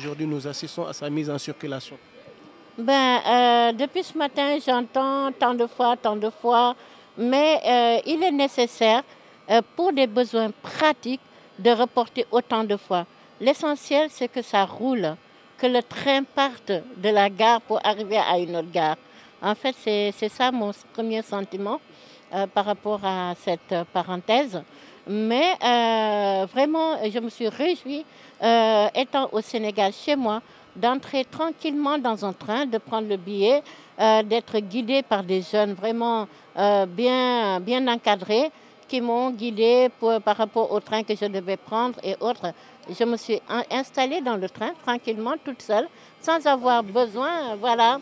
aujourd'hui nous assistons à sa mise en circulation Ben, euh, depuis ce matin, j'entends tant de fois, tant de fois, mais euh, il est nécessaire, euh, pour des besoins pratiques, de reporter autant de fois. L'essentiel, c'est que ça roule, que le train parte de la gare pour arriver à une autre gare. En fait, c'est ça mon premier sentiment euh, par rapport à cette euh, parenthèse. Mais euh, vraiment, je me suis réjouie, euh, étant au Sénégal chez moi, d'entrer tranquillement dans un train, de prendre le billet, euh, d'être guidée par des jeunes vraiment euh, bien, bien encadrés qui m'ont guidée pour, par rapport au train que je devais prendre et autres. Je me suis installée dans le train tranquillement, toute seule, sans avoir besoin, voilà,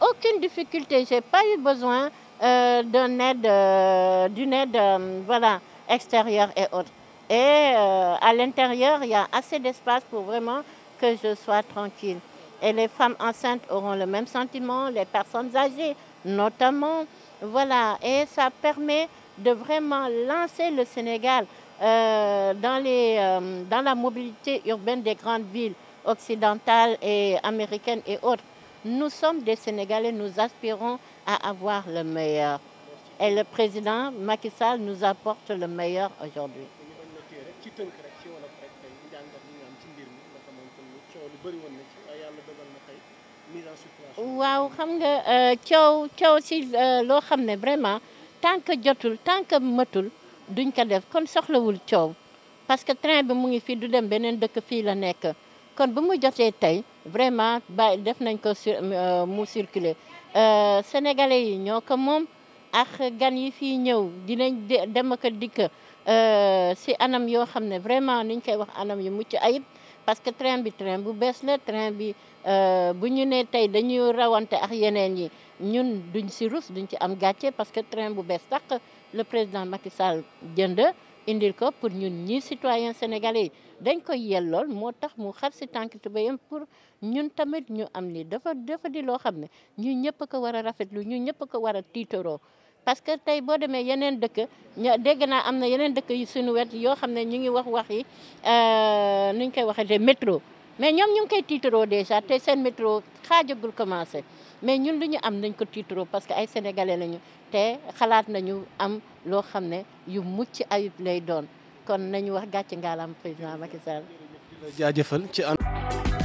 aucune difficulté. Je n'ai pas eu besoin euh, euh, d'une aide, d'une aide, voilà. extérieurs et autres. Et euh, à l'intérieur, il y a assez d'espace pour vraiment que je sois tranquille. Et les femmes enceintes auront le même sentiment, les personnes âgées notamment. Voilà, et ça permet de vraiment lancer le Sénégal euh, dans, les, euh, dans la mobilité urbaine des grandes villes occidentales et américaines et autres. Nous sommes des Sénégalais, nous aspirons à avoir le meilleur. et le président Macky Sall nous apporte le meilleur aujourd'hui waaw xam nga euh, coow coow si euh, loo xam ne vraiment tant que jotul tant que matul duñ ko def kon soxlawul coow parce que train bi mu ngi fii du dem beneen dëkk fii la nekk kon bi mu jotee tey vraiment ba def nañ ko euh, mu circuler sénégalais yi ñoo ko moom ak gan yi fii ñëw dinañ demaka ak dikk euh, si anam yoo xam ne vraiment niñ koy wax anam yu mucc ayib parce que train bi train bu bees la train bi euh, bu ñu nee tey dañuy rawante ak yeneen yi ñun duñ si rus duñ ci am gàcce parce que train bu bees tax le président Macky Sall jënd indil ko pour ñun ñii citoyen sénégalais yi dañ koy yellool moo tax mu xar si tànk tubéyam pour ñun tamit ñu am ni dafa dafa di loo xam ne ñu ñëpp ko war a rafetlu ñu ñëpp ko war a tiitaroo parce que tey boo demee yeneen dëkk ña dégg naa am na yeneen dëkk yu suñu wet yoo xam ne ñu ngi wax wax yi euh, nuñ koy waxee métro mais ñoom ñu ngi koy tiitaroo déjà te seen métro xaajagul commencé mais ñun lu ñu am nañ ko tiitaroo parce que ay sénégalais lañu te xalaat nañu am loo xam ne yu mucc ayib lay doon. kon nañu wax gàcce ngaalam président Macky Sall. jaajëfal ci